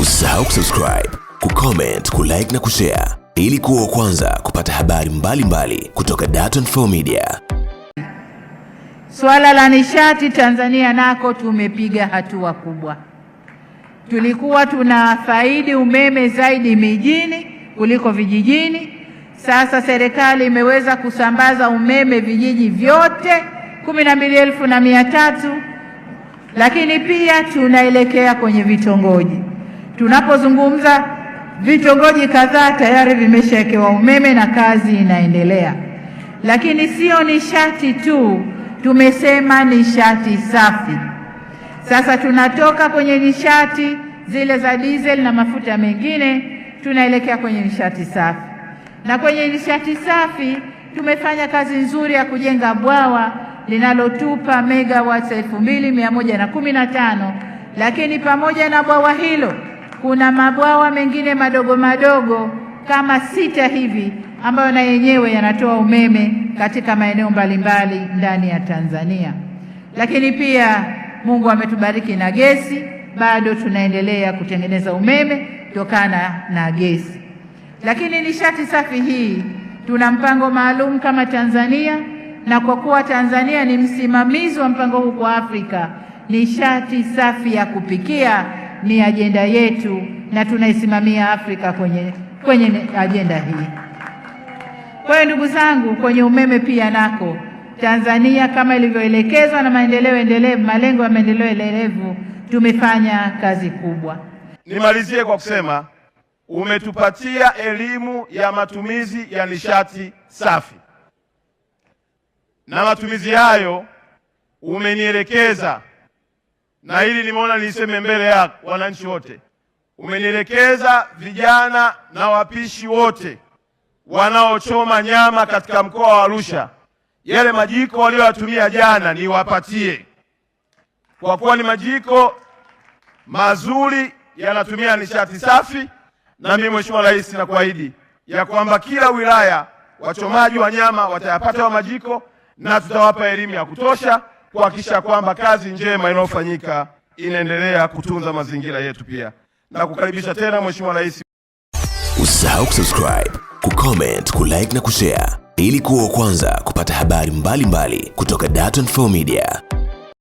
Usisahau kusubscribe, kucomment, kulike na kushare ili kuwa kwanza kupata habari mbalimbali mbali kutoka Dar24 Media. Swala la nishati Tanzania nako tumepiga hatua kubwa. Tulikuwa tunafaidi umeme zaidi mijini kuliko vijijini. Sasa serikali imeweza kusambaza umeme vijiji vyote kumi na mbili elfu na mia tatu, lakini pia tunaelekea kwenye vitongoji. Tunapozungumza, vitongoji kadhaa tayari vimeshawekewa umeme na kazi inaendelea, lakini sio nishati tu, tumesema nishati safi. Sasa tunatoka kwenye nishati zile za diesel na mafuta mengine, tunaelekea kwenye nishati safi, na kwenye nishati safi tumefanya kazi nzuri ya kujenga bwawa linalotupa megawatts elfu mbili mia moja na kumi na tano lakini pamoja na bwawa hilo kuna mabwawa mengine madogo madogo kama sita hivi ambayo na yenyewe yanatoa umeme katika maeneo mbalimbali ndani ya Tanzania. Lakini pia Mungu ametubariki na gesi, bado tunaendelea kutengeneza umeme kutokana na gesi. Lakini nishati safi hii tuna mpango maalum kama Tanzania, na kwa kuwa Tanzania ni msimamizi wa mpango huu kwa Afrika, nishati safi ya kupikia ni ajenda yetu na tunaisimamia Afrika kwenye, kwenye ajenda hii. Kwa hiyo ndugu zangu, kwenye umeme pia nako Tanzania kama ilivyoelekezwa na maendeleo endelevu, malengo ya maendeleo endelevu, tumefanya kazi kubwa. Nimalizie kwa kusema umetupatia elimu ya matumizi ya nishati safi, na matumizi hayo umenielekeza na hili nimeona niliseme mbele ya wananchi wote. Umenielekeza vijana na wapishi wote wanaochoma nyama katika mkoa wa Arusha, yale majiko walioyatumia jana niwapatie, kwa kuwa ni majiko mazuri, yanatumia nishati safi. Na mimi Mheshimiwa Rais, nakuahidi ya kwamba kila wilaya wachomaji wa nyama watayapata wa majiko na tutawapa elimu ya kutosha kuhakikisha kwamba kazi njema inayofanyika inaendelea kutunza mazingira yetu pia, na kukaribisha tena Mheshimiwa Rais. Usisahau kusubscribe, kucomment, kulike na kushare ili kuwa wa kwanza kupata habari mbalimbali mbali kutoka Dar24 Media.